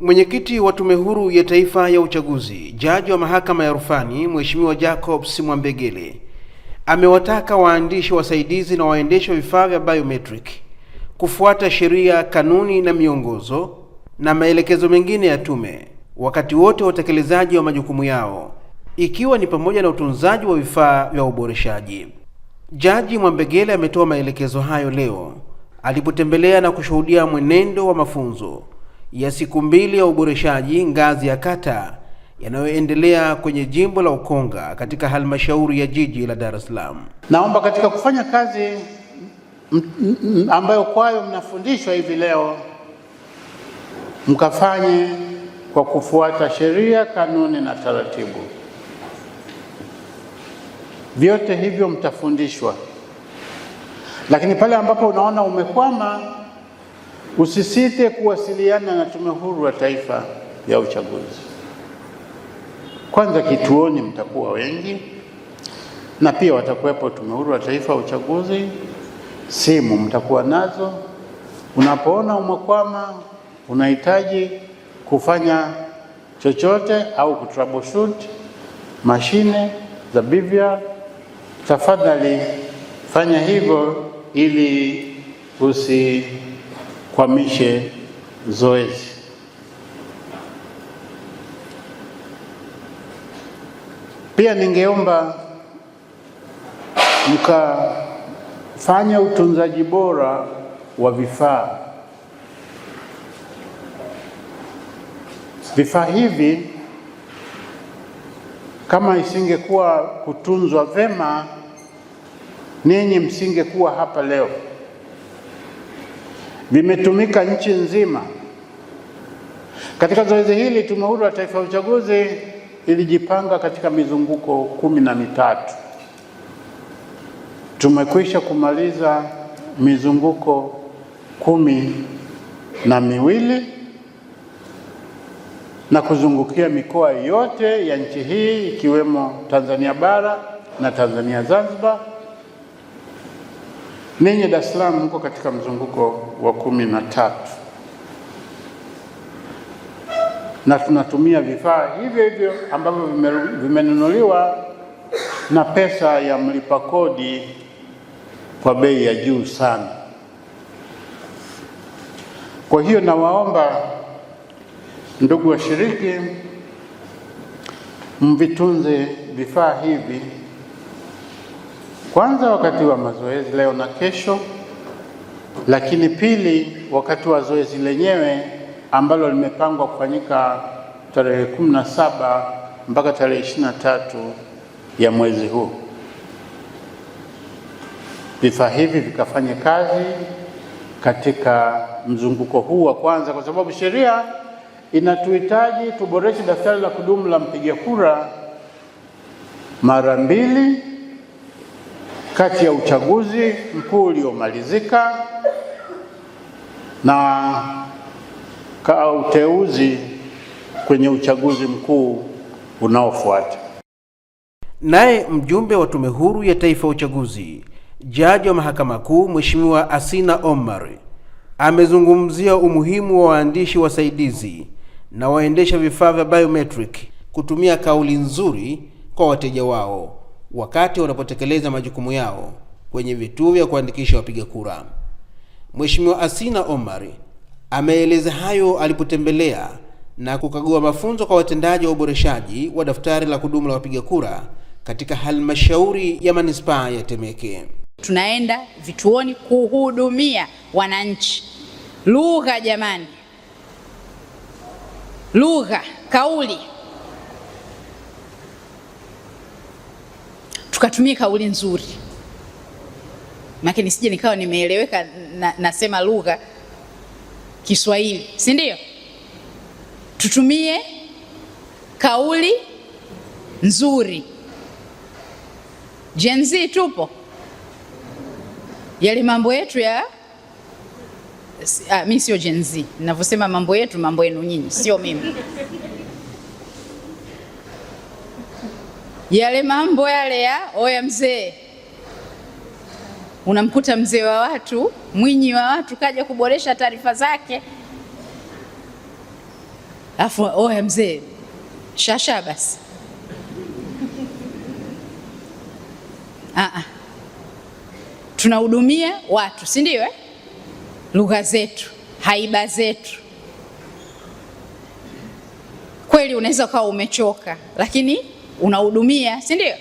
Mwenyekiti wa Tume Huru ya Taifa ya Uchaguzi, jaji wa mahakama ya rufani Mheshimiwa Jacobs Mwambegele amewataka waandishi wasaidizi na waendesha vifaa vya biometric kufuata sheria, kanuni na miongozo na maelekezo mengine ya tume wakati wote wa utekelezaji wa majukumu yao ikiwa ni pamoja na utunzaji wa vifaa vya uboreshaji. Jaji Mwambegele ametoa maelekezo hayo leo alipotembelea na kushuhudia mwenendo wa mafunzo ya siku mbili ya uboreshaji ngazi ya kata yanayoendelea kwenye jimbo la Ukonga katika halmashauri ya jiji la Dar es Salaam. Naomba katika kufanya kazi ambayo kwayo mnafundishwa hivi leo, mkafanye kwa kufuata sheria, kanuni na taratibu. Vyote hivyo mtafundishwa, lakini pale ambapo unaona umekwama Usisite kuwasiliana na Tume Huru ya Taifa ya Uchaguzi. Kwanza kituoni mtakuwa wengi, na pia watakuwepo Tume Huru ya Taifa ya Uchaguzi. Simu mtakuwa nazo, unapoona umekwama, unahitaji kufanya chochote au kutroubleshoot mashine za BVR, tafadhali fanya hivyo ili usi kwamishe zoezi. Pia ningeomba mkafanya utunzaji bora wa vifaa. Vifaa hivi kama isingekuwa kutunzwa vema, ninyi msingekuwa hapa leo vimetumika nchi nzima. Katika zoezi hili, Tume Huru ya Taifa ya Uchaguzi ilijipanga katika mizunguko kumi na mitatu. Tumekwisha kumaliza mizunguko kumi na miwili na kuzungukia mikoa yote ya nchi hii ikiwemo Tanzania bara na Tanzania Zanzibar. Ninyi Dar es Salaam mko katika mzunguko wa kumi na tatu na tunatumia vifaa hivyo hivyo ambavyo vimenunuliwa na pesa ya mlipa kodi kwa bei ya juu sana. Kwa hiyo nawaomba ndugu washiriki, mvitunze vifaa hivi kwanza wakati wa mazoezi leo na kesho, lakini pili wakati wa zoezi lenyewe ambalo limepangwa kufanyika tarehe 17 mpaka tarehe tatu ya mwezi huu. Vifaa hivi vikafanye kazi katika mzunguko huu wa kwanza, kwa sababu sheria inatuhitaji tuboreshe daftari la kudumu la mpiga kura mara mbili kati ya uchaguzi mkuu uliomalizika na ka uteuzi kwenye uchaguzi mkuu unaofuata. Naye mjumbe wa Tume Huru ya Taifa ya Uchaguzi, Jaji wa Mahakama Kuu Mheshimiwa Asina Omar amezungumzia umuhimu wa waandishi wasaidizi na waendesha vifaa vya biometric kutumia kauli nzuri kwa wateja wao wakati wanapotekeleza majukumu yao kwenye vituo vya kuandikisha wapiga kura. Mheshimiwa Asina Omar ameeleza hayo alipotembelea na kukagua mafunzo kwa watendaji wa uboreshaji wa daftari la kudumu la wapiga kura katika halmashauri ya manispaa ya Temeke. Tunaenda vituoni kuhudumia wananchi. Lugha jamani, lugha, kauli tukatumie kauli nzuri, maana nisije nikawa nimeeleweka na, nasema lugha Kiswahili, si ndio? Tutumie kauli nzuri. Gen Z tupo, yale mambo yetu ya ah, mi sio Gen Z. Ninavyosema mambo yetu, mambo yenu nyinyi, sio mimi. yale mambo yale ya oya mzee. Unamkuta mzee wa watu, mwinyi wa watu, kaja kuboresha taarifa zake, afu oya mzee, shasha basi. Aa, tunahudumia watu, si ndio eh? Lugha zetu, haiba zetu. Kweli unaweza ukawa umechoka, lakini unahudumia, si ndio?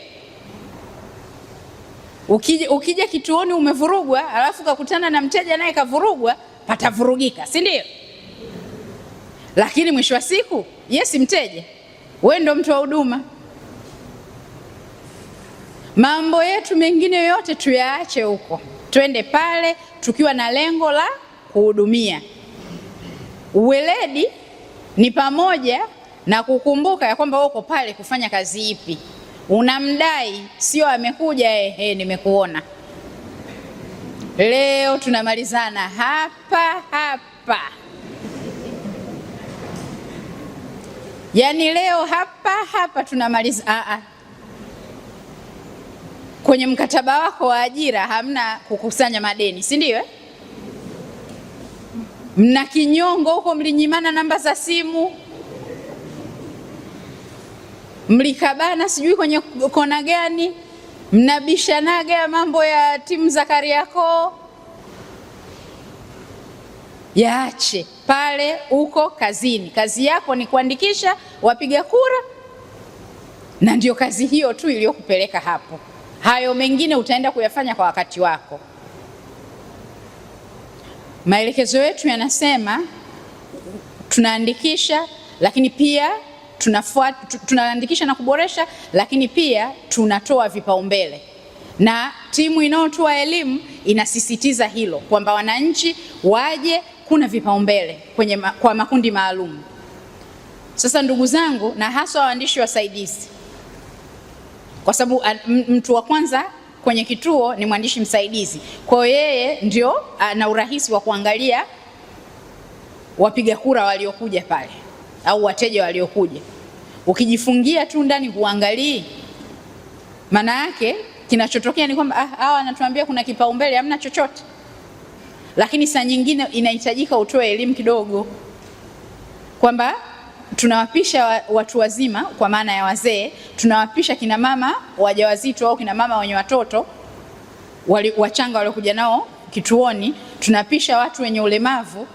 Ukija, ukija kituoni umevurugwa, alafu kakutana na mteja naye kavurugwa, patavurugika, si ndio? Lakini mwisho wa siku yesi, mteja wewe ndo mtu wa huduma. Mambo yetu mengine yote tuyaache huko, twende pale tukiwa na lengo la kuhudumia. Uweledi ni pamoja na kukumbuka ya kwamba uko pale kufanya kazi ipi. Unamdai sio amekuja, ehe, nimekuona leo tunamalizana hapa hapa, yaani leo hapa hapa tunamaliza. Aa, kwenye mkataba wako wa ajira hamna kukusanya madeni, si ndio? Eh? Mna kinyongo huko, mlinyimana namba za simu mlikabana sijui kwenye kona gani, mnabishanaga ya mambo ya timu za Kariakoo. Yaache pale, uko kazini. Kazi yako ni kuandikisha wapiga kura, na ndio kazi hiyo tu iliyokupeleka hapo. Hayo mengine utaenda kuyafanya kwa wakati wako. Maelekezo yetu yanasema tunaandikisha, lakini pia tunaandikisha na kuboresha, lakini pia tunatoa vipaumbele na timu inayotoa elimu inasisitiza hilo kwamba wananchi waje, kuna vipaumbele kwenye ma, kwa makundi maalum. Sasa ndugu zangu, na haswa waandishi wasaidizi, kwa sababu mtu wa kwanza kwenye kituo ni mwandishi msaidizi, kwa hiyo yeye ndio ana urahisi wa kuangalia wapiga kura waliokuja pale au wateja waliokuja. Ukijifungia tu ndani huangalii, maana yake kinachotokea ni kwamba ah, hawa anatuambia kuna kipaumbele, hamna chochote. Lakini saa nyingine inahitajika utoe elimu kidogo kwamba tunawapisha watu wazima kwa maana ya wazee, tunawapisha kina mama wajawazito au kina mama wenye watoto wali, wachanga waliokuja nao kituoni, tunapisha watu wenye ulemavu.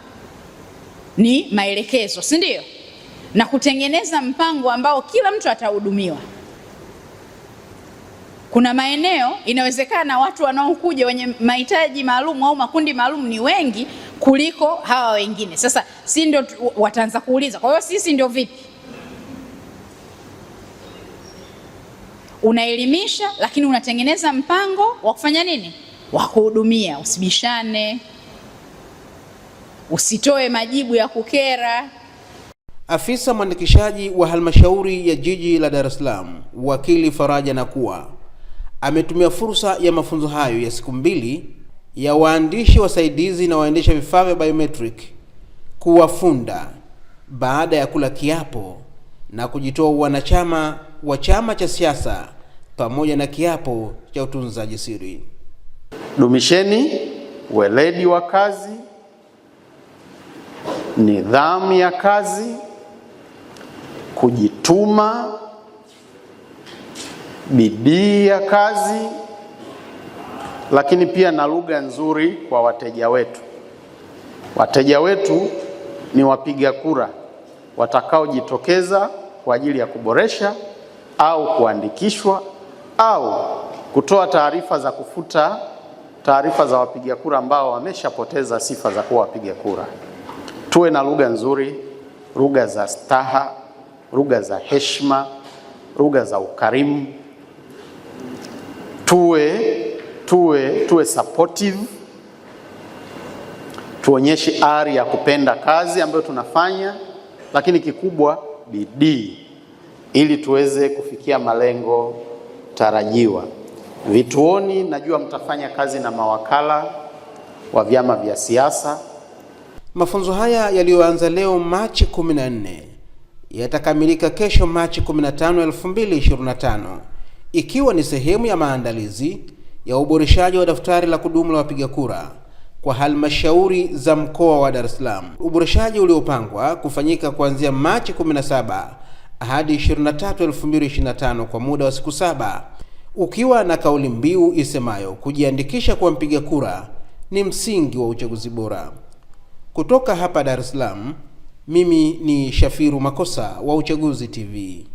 Ni maelekezo, si ndio? na kutengeneza mpango ambao kila mtu atahudumiwa. Kuna maeneo inawezekana watu wanaokuja wenye mahitaji maalum au makundi maalum ni wengi kuliko hawa wengine. Sasa si ndio wataanza kuuliza, kwa hiyo sisi ndio vipi? Unaelimisha lakini unatengeneza mpango wa kufanya nini, wa kuhudumia. Usibishane, usitoe majibu ya kukera. Afisa mwandikishaji wa halmashauri ya jiji la Dar es Salaam wakili Faraja Nakuwa ametumia fursa ya mafunzo hayo ya siku mbili ya waandishi wasaidizi na waendesha vifaa vya biometric kuwafunda baada ya kula kiapo na kujitoa wanachama wa chama cha siasa pamoja na kiapo cha utunzaji siri. Dumisheni weledi wa kazi, nidhamu ya kazi kujituma, bidii ya kazi, lakini pia na lugha nzuri kwa wateja wetu. Wateja wetu ni wapiga kura watakaojitokeza kwa ajili ya kuboresha au kuandikishwa au kutoa taarifa za kufuta taarifa za wapiga kura ambao wameshapoteza sifa za kuwa wapiga kura. Tuwe na lugha nzuri, lugha za staha lugha za heshima, lugha za ukarimu. Tuwe, tuwe, tuwe supportive, tuonyeshe ari ya kupenda kazi ambayo tunafanya, lakini kikubwa bidii, ili tuweze kufikia malengo tarajiwa. Vituoni najua mtafanya kazi na mawakala wa vyama vya siasa. Mafunzo haya yaliyoanza leo Machi 14 yatakamilika kesho Machi 15, 2025 ikiwa ni sehemu ya maandalizi ya uboreshaji wa daftari la kudumu la wapiga kura kwa halmashauri za mkoa wa Dar es Salaam. Uboreshaji uliopangwa kufanyika kuanzia Machi 17 hadi 23, 2025 kwa muda wa siku saba ukiwa na kauli mbiu isemayo kujiandikisha kuwa mpiga kura ni msingi wa uchaguzi bora. Kutoka hapa Dar es Salaam mimi ni Shafiru Makosa wa Uchaguzi TV.